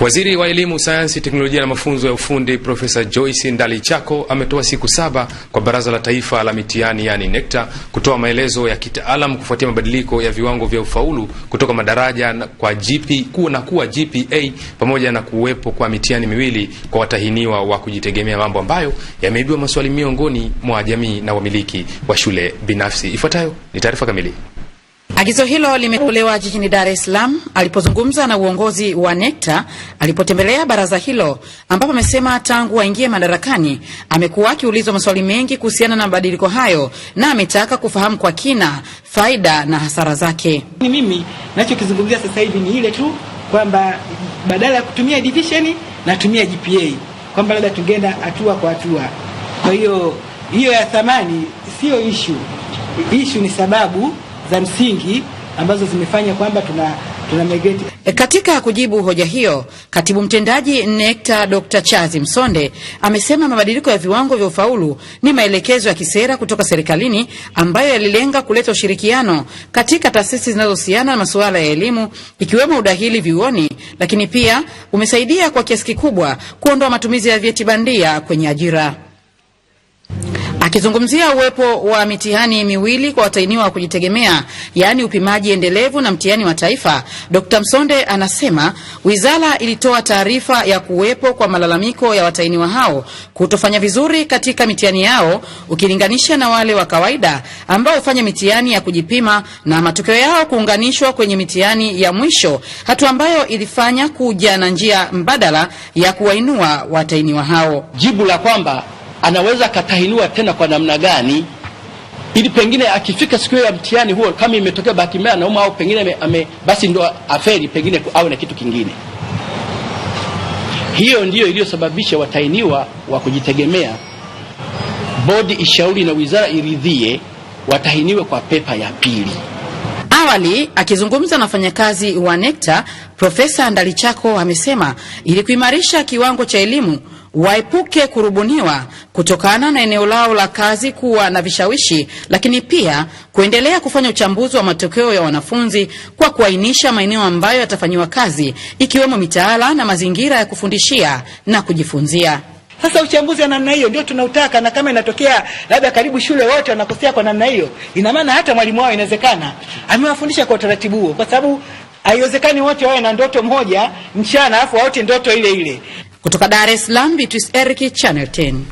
Waziri wa Elimu, Sayansi, Teknolojia na Mafunzo ya Ufundi Profesa Joyce Ndalichako ametoa siku saba kwa Baraza la Taifa la Mitihani yani NECTA kutoa maelezo ya kitaalam kufuatia mabadiliko ya viwango vya ufaulu kutoka madaraja na kwa GP, na kuwa GPA pamoja na kuwepo kwa mitihani miwili kwa watahiniwa wa kujitegemea, mambo ambayo yameibiwa maswali miongoni mwa jamii na wamiliki wa shule binafsi. Ifuatayo ni taarifa kamili. Agizo hilo limetolewa jijini Dar es Salaam alipozungumza na uongozi wa NECTA alipotembelea baraza hilo, ambapo amesema tangu aingie madarakani amekuwa akiulizwa maswali mengi kuhusiana na mabadiliko hayo na ametaka kufahamu kwa kina faida na hasara zake. Ni mimi nachokizungumzia sasa hivi ni ile tu kwamba badala ya kutumia division natumia GPA, kwamba labda tungeenda hatua kwa hatua. Kwa hiyo hiyo ya thamani siyo ishu, ishu ni sababu za msingi ambazo zimefanya kwamba tuna e, katika kujibu hoja hiyo, katibu mtendaji NECTA Dr. Chazi Msonde amesema mabadiliko ya viwango vya ufaulu ni maelekezo ya kisera kutoka serikalini ambayo yalilenga kuleta ushirikiano katika taasisi zinazohusiana na masuala ya elimu ikiwemo udahili vyuoni, lakini pia umesaidia kwa kiasi kikubwa kuondoa matumizi ya vyeti bandia kwenye ajira. Akizungumzia uwepo wa mitihani miwili kwa watahiniwa wa kujitegemea yaani upimaji endelevu na mtihani wa taifa, Dr. Msonde anasema wizara ilitoa taarifa ya kuwepo kwa malalamiko ya watahiniwa hao kutofanya vizuri katika mitihani yao ukilinganisha na wale wa kawaida ambao hufanya mitihani ya kujipima na matokeo yao kuunganishwa kwenye mitihani ya mwisho, hatua ambayo ilifanya kuja na njia mbadala ya kuwainua watahiniwa hao. Jibu la kwamba anaweza akatahiniwa tena kwa namna gani, ili pengine akifika siku ya mtihani huo, kama imetokea bahati mbaya anauma au pengine ame, ame, basi ndo aferi pengine awe na kitu kingine. Hiyo ndiyo iliyosababisha watahiniwa wa kujitegemea bodi ishauri na wizara iridhie watahiniwe kwa pepa ya pili. Awali akizungumza na wafanyakazi wa nekta Profesa Ndalichako amesema ili kuimarisha kiwango cha elimu waepuke kurubuniwa kutokana na eneo lao la kazi kuwa na vishawishi, lakini pia kuendelea kufanya uchambuzi wa matokeo ya wanafunzi kwa kuainisha maeneo ambayo yatafanyiwa kazi ikiwemo mitaala na mazingira ya kufundishia na kujifunzia. Sasa uchambuzi wa namna hiyo ndio tunautaka, na kama inatokea labda karibu shule wote wanakosea kwa namna hiyo, ina maana hata mwalimu wao inawezekana amewafundisha kwa utaratibu huo, kwa sababu haiwezekani wote wawe na ndoto moja mchana alafu waote ndoto ile ile. Kutoka Dar es Salaam, Beatrice Channel 10.